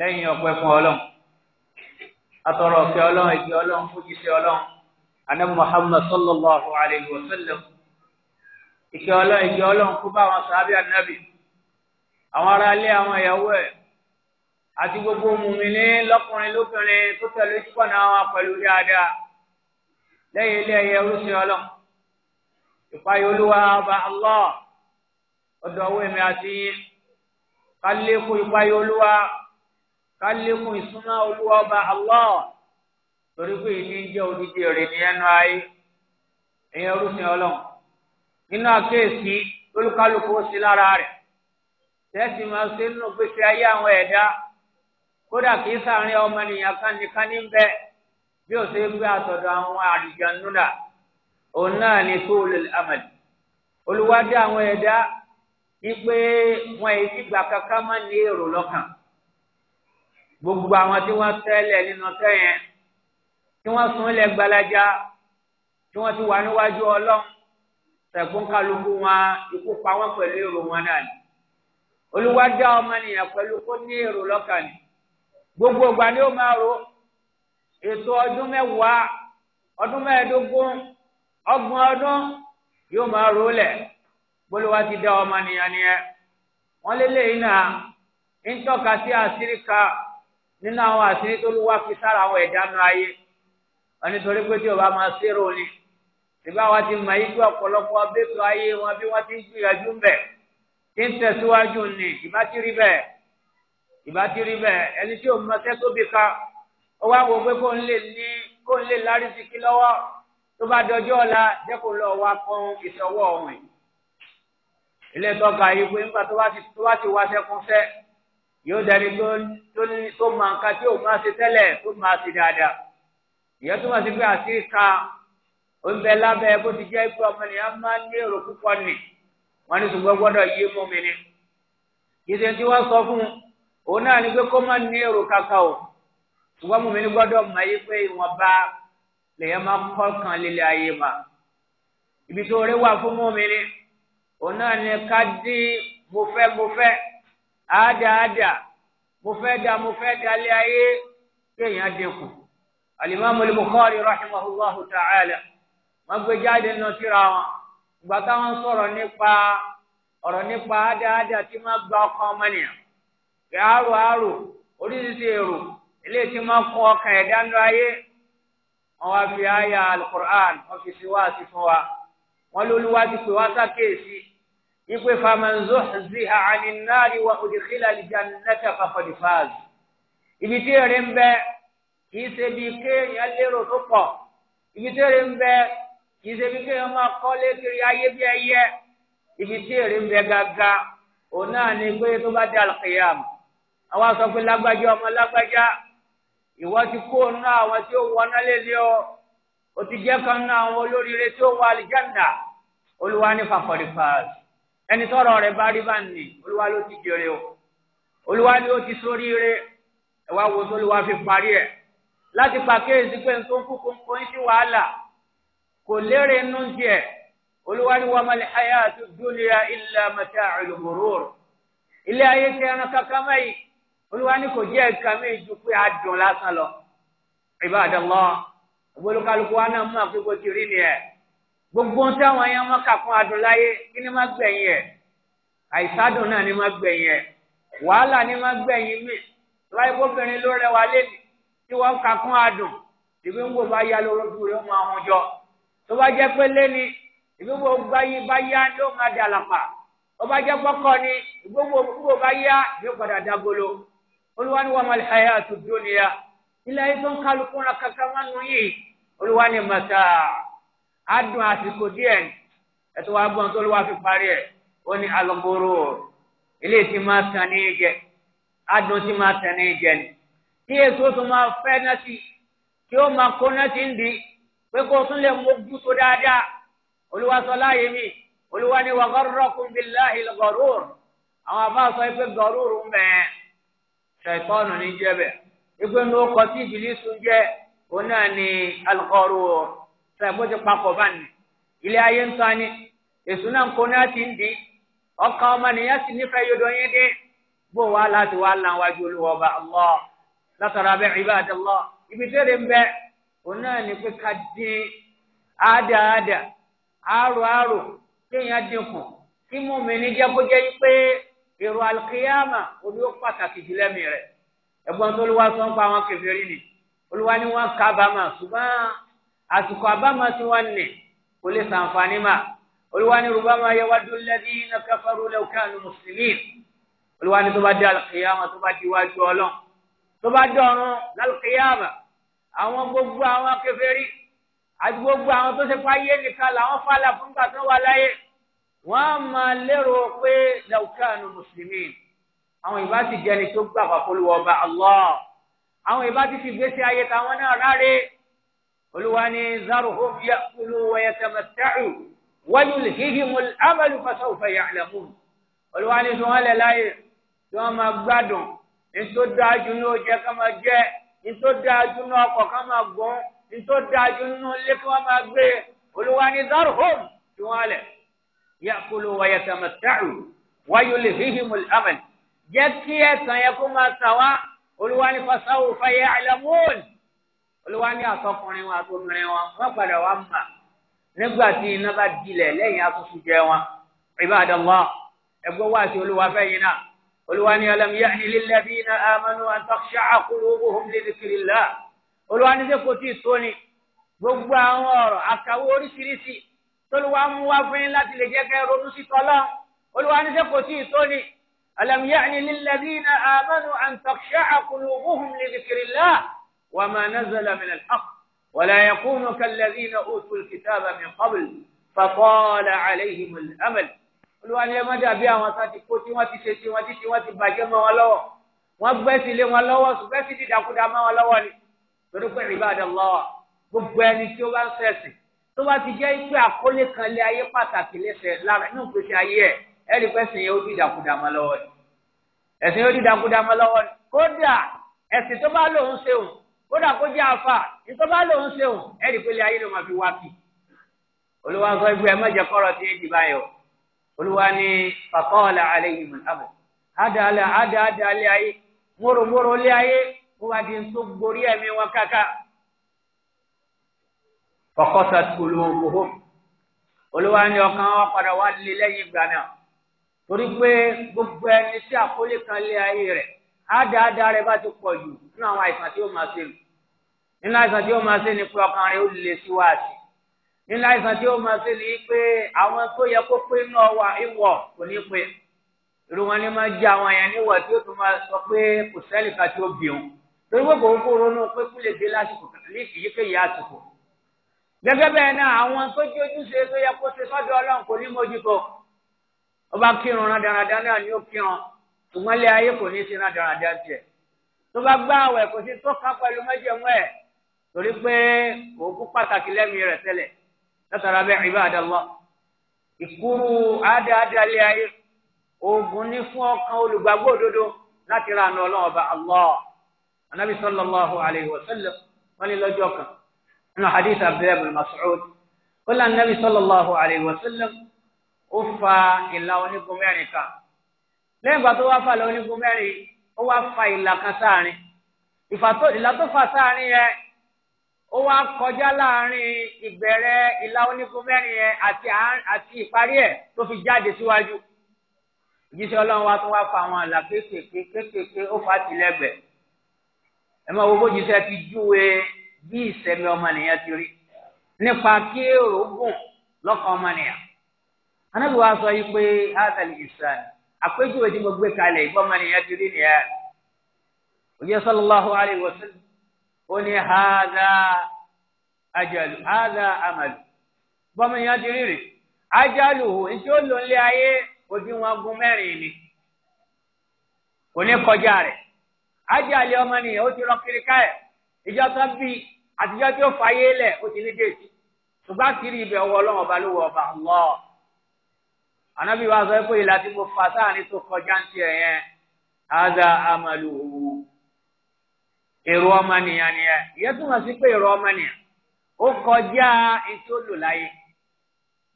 lẹ́yìn ọpẹ́ fún ọlọ́run atọrọ ọ̀fẹ́ ọlọ́run ìgbẹ́ ọlọ́run fújíṣẹ́ ọlọ́run anabi muhammad sallallahu alayhi wa sallam ìkẹ́ ọlọ́run ìgbẹ́ ọlọ́run kó bá àwọn sàábì anabi àwọn ará ilé àwọn ìyàwó ẹ̀ àti gbogbo mùmíní lọ́kùnrin lóbìnrin tó tẹ̀lé sípọ̀nà wọn pẹ̀lú dáadáa lẹ́yìn ilé ẹ̀yẹ rúṣin ọlọ́run ìpayọ̀ olúwa ọba allah ọ̀dọ̀ ọwọ́ èmi àti yín ká olúwa. ká lékún ìsúná olúwa Allah torí pé ìní jẹ́ odidi rẹ̀ ní ẹnu ayé ẹ̀yẹ orúfin ọlọ́run nínú àkéèsí olúkálùkù ó sí lára rẹ̀ tẹ́sí máa ṣe nínú gbèsè ayé àwọn ẹ̀dá kódà kí sàárín ọmọ ènìyàn kan nìkan ní bí ó ṣe ń gbé àwọn òun náà ni gbogbo àwọn tí wọ́n tẹ́lẹ̀ nínú sẹ́yìn tí wọ́n sún lẹ gbalaja tí wọ́n ti wà níwájú ọlọ́run sẹ̀kún kálukú wọn ikú pa pẹ̀lú èrò wọn náà ni olúwa dá ọmọnìyàn pẹ̀lú kó ní èrò lọ́kàn ni gbogbo ìgbà ni ó máa ro ètò ọdún mẹ́wàá ọdún mẹ́ẹ̀ẹ́dógún ọgbọ̀n ọdún yóò máa ro lẹ̀ ti dá nìyẹn wọ́n lélẹ́yìn náà ń nínú àwọn àṣírí tó wá fi sára àwọn ẹ̀dá nu ayé wọn nítorí pé tí o bá máa ṣèrò ni ìgbà wa ti mọ ikú ọ̀pọ̀lọpọ̀ abẹ́tò ayé wọn bí wọ́n ti ń gbìyànjú ń tí ń tẹ̀síwájú ni ìbá ti rí bẹ́ẹ̀ ìbá ti rí bẹ́ẹ̀ ẹni tí o mọ ṣẹ́ tóbi ká ó wá wo pé kó ń lè ní kó ń lè lárí sí kí lọ́wọ́ tó bá dọjọ́ ọ̀la dẹ́kun lọ wá kan ìṣọwọ́ ọ̀hún ilé tọ́ka yìí pé nígbà tó bá ti wá sẹ́kúnṣẹ́ yóò dẹni tó máa ń ka tí òun máa ṣe tẹ́lẹ̀ tó máa ṣe dáadáa ìyẹn tó máa ṣe pé àti ka oúnjẹ lábẹ́ bó ti jẹ́ pé ọmọ nìyẹn máa ń ní èrò púpọ̀ nì wọ́n ní ṣùgbọ́n gbọ́dọ̀ yé mú mi ni ìṣe tí wọ́n sọ fún òun náà ni pé kó má ní èrò kàkà o ṣùgbọ́n mú mi ní gbọ́dọ̀ mọ̀ ayé pé ìwọ̀nba lèyẹn máa kọ́ kan lílẹ̀ ayé mà ibi tó rẹ wà fún mú mi ni òun náà ni ká dín mo fẹ́ mo fẹ́. àádáadà mo fẹ́ da mo fẹ́ da lé ayé kéèyàn dínkù alimami ta'ala wọ́n gbé jáde nínú síra wọn ìgbà táwọn sọ̀rọ̀ nípa ọ̀rọ̀ nípa àádáadà tí wọ́n gba arụ ọmọnìyàn kí àárò àárò oríṣiríṣi èrò eléyìí tí wọ́n kọ́ ọkàn ẹ̀dá al wọ́n fi fún wa wọ́n wípé famanzo ziha aninari wa odikila alijannata fakọdi faz ibi tí èrè ń bẹ kì í ṣe bí kéèyàn lérò tó pọ̀ ibi tí èrè ń bẹ kì í ṣe kiri ayé bí ẹyẹ ibi tí èrè ń ni pé tó bá dé alqiyam àwọn sọ pé lágbájá ọmọ lágbájá ìwọ ti kó nínú àwọn tí ó wọná lélẹ̀ ọ o ti jẹ́ kan nínú àwọn olóríire tí ó wọ alìjánná olúwa ní fàkọ̀dìfàs ẹni tọrọ rẹ bá rí bá nì olúwa ló ti jèrè o olúwa ni ó ti sórí rẹ ẹwà wo sólúwa fi parí ẹ láti pàkíyèsí pé nǹkan kúkú nǹkan ń ṣe wàhálà kò lérè nù tiẹ olúwa ni wàá mali ayé àti dúnìyà illa mata'ul ghurur ilé ayé tẹ ẹran kankan mẹyì olúwa ni kò jẹ ẹka mi ju pé a lásán lọ ibadallah olúkálùkù wa náà mú àfikún ti rí nìyẹn gbogbo ohun tí àwọn èèyàn máa kà fún adùn láyé kí ni máa gbẹ̀yìn ẹ̀ àìsádùn náà ni máa gbẹ̀yìn ẹ̀ wàhálà ni máa gbẹ̀yìn mi láyé bóbìnrin ló rẹwà lẹ́nu tí wọ́n kà fún adùn ìbí ń gbò bá yá lóró tó yóò máa hun jọ tó bá jẹ́ pé lẹ́ni ìbí gbò bá yí bá yá ló máa di àlàpà tó bá jẹ́ pọ́kọ́ ni ìbí gbò bá yá yóò padà dágolo olúwa ni wọ́n máa lè hayà àtúndó nìyà ilé ayé tó ń kálukú ra kankan máa nù yìí olúwa ni màtá adùn àsìkò díẹ̀ ẹ̀tọ́ wa gbọ́n tó ló wá fi parí ẹ̀ ó ní alọ́gbòrò ilé tí máa tàn ní jẹ adùn tí máa tàn ní jẹ ni tí èso tó máa fẹ́ náà sí tí ó máa kó náà sí ń di pé kó tún lè mójú tó dáadáa olúwa láàyè mi olúwa wà gharrakum billahi al-gharur àwọn àbá sọ pé gharur ń bẹ̀ ṣàìtọ́nù ní jẹ́ ìpinnu ọkọ̀ tí ìbílí sun jẹ́ òun náà ni al sàgbójú papọ̀ báyìí ilé ayé ń tán ni èṣù náà ń kó ti ń di ọkàn ọmọnìyàn sì nífẹ̀ẹ́ yọdọ̀ yẹn dé bó wá láti wá lan wájú olúwa ọba allah látara bẹ́ẹ̀ ibadallah ibi tẹ́lẹ̀ ń bẹ òun náà ní pé ká dín ádáadá àròàrò kéèyàn dínkù kí mùmínì jẹ́ kó jẹ́ pé èrò alkiyama olú pàtàkì rẹ̀ ẹ̀gbọ́n tó àwọn ni olúwa ni wọ́n kábàámà ṣùgbọ́n. àsìkò àbámọ̀ tí wọ́n nẹ̀ kò lè sàǹfààní mà olúwa ní rubama yawaddu alladhina kafaru law kanu muslimin olúwa ní tó bá dé alùkìyàmà tó bá di wájú ọlọ́ tó bá dọ̀rùn lálùkìyàmà àwọn gbogbo àwọn kèfèrí àti gbogbo àwọn tó ṣe fáyé nìkan làwọn fàlà fún gbà wà láyé wọ́n máa lérò pé law kanu muslimin àwọn ìbá ti jẹni tó gbà pàpọ̀ lọ́wọ́ bá Allah àwọn ìbá ti fi gbèsè ayé táwọn náà rárẹ̀. قل ونذرهم يأكلوا ويتمتعوا ويلههم الأمل فسوف يعلمون قل ونذرهم لا يوم أبدون إن تدعى جنو كما جاء إن تدعى جنو كما قوم إن تدعى جنو كما قوم قل ونذرهم سؤالا يأكلوا ويتمتعوا ويلههم الأمل جاكي سيكون سوا قل فسوف يعلمون olúwa ní àtọkùnrin wọn àtọkùnrin wọn wọn padà wá mà nígbà tí iná bá dilẹ̀ lẹ́yìn akutu jẹ wọn ibadallah ẹgbẹ́ wá sí olúwa fẹ́yìn náà olúwa ní alam ya'ni lilladhina amanu an takhsha'a qulubuhum li dhikrillah olúwa ní sẹ́kò tí ì tóni gbogbo àwọn ọ̀rọ̀ àkàwé oríṣiríṣi tolúwa mú wá fún yín láti lè jẹ́ kẹ́ ronú sí tọ́lá olúwa ní sẹ́kò tí ì tóni alam ya'ni lilladhina amanu an takhsha'a qulubuhum li dhikrillah. وما نزل من الحق ولا يكونوا كالذين أوتوا الكتاب من قبل فطال عليهم الأمل olùwà ni ẹ má dàbí àwọn tá ti kó tí wọ́n ti ṣe tí wọ́n ti ṣe wọ́n ti bàjẹ́ mọ́ wọn lọ́wọ́ wọ́n gbẹ́sì lé wọn lọ́wọ́ sùn gbẹ́sì dìdàkudà mọ́ wọn lọ́wọ́ ni torí pé ibadallah gbogbo ẹni tí ó bá ń ṣẹ̀sìn tó bá ti jẹ́ pé àkólé kan lé ayé pàtàkì lẹ́sẹ̀ lára inú ìgbésí ayé ẹ̀ ẹ̀rí pẹ́sìn yẹn ó dìdàkudà mọ́ lọ́wọ́ ni ẹ̀sìn yóò dìdàkudà mọ́ lọ́wọ́ ni kódà ẹ̀sìn tó bá lòun ṣe òun kódà kó jẹ́ afa nítorí bá lòun ṣe òun ẹ̀rí pé ilé ayé ló máa fi wá kì. olúwa sọ ibi ẹ̀ mọ̀jẹ̀ kọ́rọ̀ tí èjì báyọ̀ olúwa ní faqala alayhim al-amr àdàlẹ̀ àdàlẹ̀ alẹ́ ayé móròmórò lé ayé wọ́n wá di tó gborí ẹ̀mí wọn káká. faqasat qulubuhum olúwa ní ọkàn wọn padà wá lé lẹ́yìn ìgbà náà torí pé gbogbo ẹni tí àkólé kan lé ayé rẹ̀ àdáadáa rẹ bá ti pọ̀ jù nínú àwọn àìsàn tí ó máa ṣe nù nínú àìsàn tí ó máa ṣe ni pé ọkàn rẹ ó lè síwáàsì nínú àìsàn tí ó máa ṣe ni pé àwọn tó yẹ kó pé inú ọwà ìwọ kò ní pé irú wọn ni máa jẹ àwọn èèyàn níwọ̀ tí ó tún máa sọ pé kò sẹ́lì ká tí ó bì ó torí pé kò ronú pé kú lè dé lásìkò ní èyíkéyìí àsìkò gẹ́gẹ́ bẹ́ẹ̀ náà àwọn tó jẹ́ ojúṣe tó yẹ kó ṣe sọ́dọ̀ Ọlọ́run kò ní mójútó ọba kírun rádaràdá náà ni ó kírun ṣùgbọ́n ilé ayé kò ní í ṣe náà dáradá tiẹ̀ tó bá gbá àwẹ̀ kò sí tó kàn pẹ̀lú májẹ̀mú ẹ̀ torí pé òògùn pàtàkì lẹ́mìí rẹ̀ tẹ́lẹ̀ látara bẹ́ẹ̀ ibadallah ìkúrú àádáadáa ilé ayé òògùn ní fún ọkàn olùgbàgbọ́ òdodo láti ra àna ọlọ́run ọba allah anabi sallallahu alayhi wa sallam wọn ní lọ́jọ́ kan nínú hadith abdullahi bin mas'ud lé anabi sallallahu alayhi wa sallam ó fa ìlà onígun mẹ́rin kan. lẹ́yìn ìgbà tó wá fà lọ onígun mẹ́rin ó wá fa ìlà kan sáàrin ìlà tó fà sáàrin yẹn ó wá kọjá láàrin ìbẹ̀rẹ̀ ìlà onígun mẹ́rin yẹn àti ìparí ẹ̀ tó fi jáde síwájú ìjíṣẹ́ ọlọ́run wa tó fa àwọn àlà kéékèèké kéékèèké ó fa á ẹ máa wo bójúṣe ti júwe bí ti rí nípa kí èrò gùn lọ́kàn anábìwá sọ yìí pé àpéjúwe tí mo gbé kalẹ̀ ìgbọ́mọ nìyẹn ti rí nìyẹn òye sallallahu alayhi wa sallam ó ní hàdà àjálù hàdà àmàlù gbọ́mọ nìyẹn ti rí rè àjálù ìṣe ó lò nílé ayé òdiwọ̀n gun mẹ́rin ni kò ní kọjá rẹ̀ àjálù ọmọ nìyẹn ó ti rọ kiri káyẹ̀ ìjọ tó ti ní kiri ibẹ̀ ọwọ́ ló ọba ànábì wa sọ pé ìlà tí mo fà sáàrin tó kọjá ń tiẹ̀ yẹn áza amalu èrò ọmọnìyàn nìyẹn ìyẹn túmọ̀ sí pé èrò ọmọnìyàn ó kọjá ètò lò láyé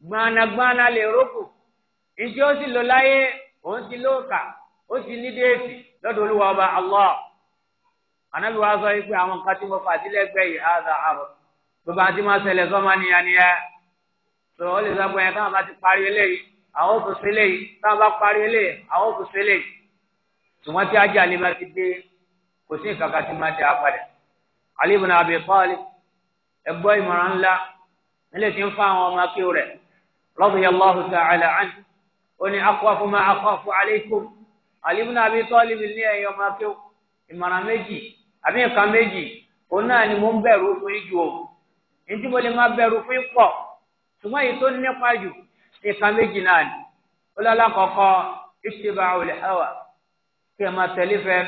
gbanagbana lè rókò ìjọ sì lò láyé òun ti lóòkà ó sì ní déètì lọ́dọ̀ olúwa ọba allah ànábì wa sọ pé àwọn nǹkan tí mo fà sílẹ̀ gbẹ̀yìn áza àrò gbogbo àti máa ṣẹlẹ̀ sọ́mọnìyàn nìyẹn sọ̀rọ̀ ó lè sọ pé ẹ̀ka àbá ti parí eléyìí. àwọn oṣù sílẹ̀ yìí tá a bá parí ilé àwọn oṣù sílẹ̀ yìí ṣùgbọ́n tí ajá lè ti dé kò sí nǹkan kan tí máa ẹgbọ́ ìmọ̀ràn ńlá tí ń fa àwọn ọmọ akéwò rẹ̀ ó ní ma akhafu alaykum Ali ibn Abi Talib ní ẹ̀yọ́ ọmọ akéwò ìmọ̀ràn méjì àbí nǹkan méjì òun náà ni mo ń bẹ̀rù fún nǹkan méjì náà ni ọlọ́lá kọ̀ọ̀kọ́ ìṣèbà òlì hàwà kí ẹ máa tẹ̀lé fẹ́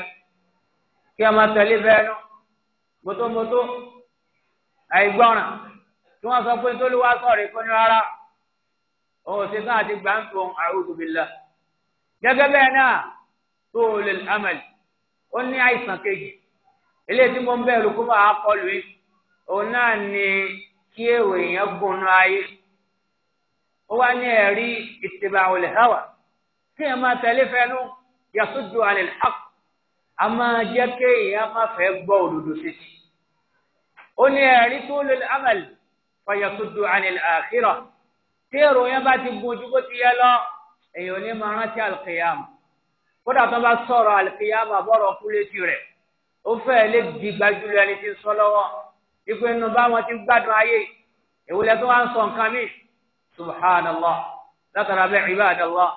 kí ẹ máa tẹ̀lé fẹ́ nú mọ́tòmọ́tò àìgbọ́ràn tí wọ́n sọ pé tólúwa sọ̀rọ̀ ìkọ́ni rárá òun ṣe sáà ti gbà ń tó a'udhu billah gẹ́gẹ́ bẹ́ẹ̀ náà tó o lè amẹ̀lì ó ní àìsàn kejì eléyìí tí mo ń bẹ̀rù kó máa kọlù yìí òun náà ni kí èrò èèyàn gbóná ayé ó wá ní ẹ̀rí ittiba'ul hawa kí ẹ máa tẹ̀lé fẹ́nu yasuddu anil haqq a máa jẹ́ kéèyàn máa fẹ́ gbọ́ òdodo títí ó ní ẹ̀rí tulul amal fa yasuddu anil akhirah tí èrò yẹn bá ti gun ojú bó ti yẹ lọ èèyàn ní máa rántí alqiyama kódà tó bá sọ̀rọ̀ alqiyama bọ̀rọ̀ kú létí rẹ̀ ó fẹ́ lè di gbajúlẹ̀ ẹni tí sọ lọ́wọ́ ipò inú ti gbádùn ayé ìwòlẹ́ tó wá ń sọ nǹkan míì سبحان subhanallah látara bẹ́ẹ̀ ibadallah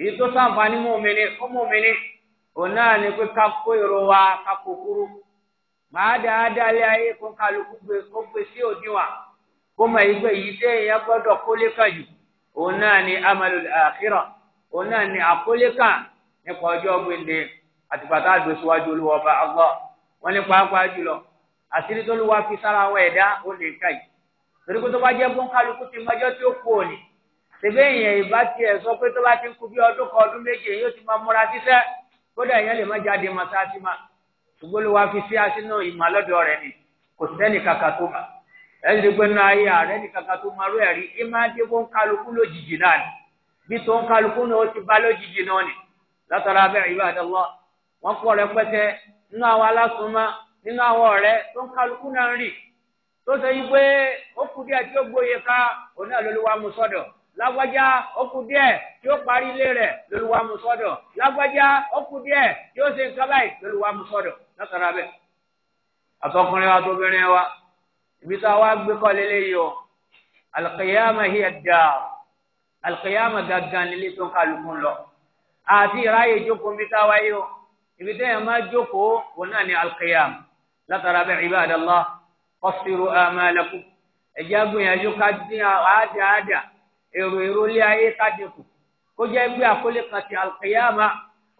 èyí tó sàǹfààní mọ́mìnì fún mọ́mìnì òun náà ni pé kákó èrò wa kákó kúrú màá dáadáa lé ayé kó kálukú gbé kó gbé sí òdiwọ̀n kó mọ̀ yìí pé èyí tẹ́ èèyàn gbọ́dọ̀ kólé kan jù òun náà ni amalul akhirah òun náà ni àkólé kan nípa ọjọ́ gbèndé àtìpàtà àdùsíwájú olúwọba Allah wọn ní pàápàá jùlọ àṣírí tó lù wá fi sára àwọn ẹ̀dá ó lè ká yìí. torí pé tó bá jẹ́ fún ti mọjọ́ tí ó kú òní ṣèbẹ́ èèyàn ìbá tiẹ̀ sọ pé tó bá ti ń kú bí ọdún kan ọdún méje yóò ti máa múra síṣẹ́ kódà èèyàn lè má jáde mọ́sáàsì ṣùgbọ́n ló wá fi sí ni kò sẹ́ni tó ni tó rú lójijì náà ni bí tó ń kálukú náà ó ti bá lójijì náà ni látara tó sọ yìí pé ó kù díẹ̀ tí ó gbóye ká òun náà lolúwa mú sọ́dọ̀ lágbájá ó kù díẹ̀ tí ó parí ilé rẹ̀ lolúwa mú sọ́dọ̀ lágbájá ó kù tí ó ṣe nǹkan báyìí lolúwa mú sọ́dọ̀ látara bẹ́ẹ̀ àtọkùnrin wa tóbìnrin wa ibi tá a wá gbé kọ́ lélẹ́yìí o alqiyama hiya dar alqiyama gangan lílé tó ń kálukú lọ àti ìráyè jókòó ibi tá a wáyé o ibi tẹ́yẹ̀ máa jókòó òun náà ni alqiyama látara bẹ́ẹ̀ ibadallah kọ́sìrò àmàlẹ́kù ẹ̀jẹ̀ agbóyanjú ká dín àádáadà èrò èrò ilé ayé ká dínkù kó jẹ́ pé àkólé kan ti àlùkìyàmà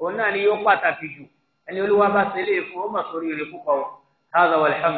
òun náà ni yóò pàtàkì jù ẹni olúwa bá ṣe lè fún ọmọ sórí rẹ̀ púpọ̀ wọn.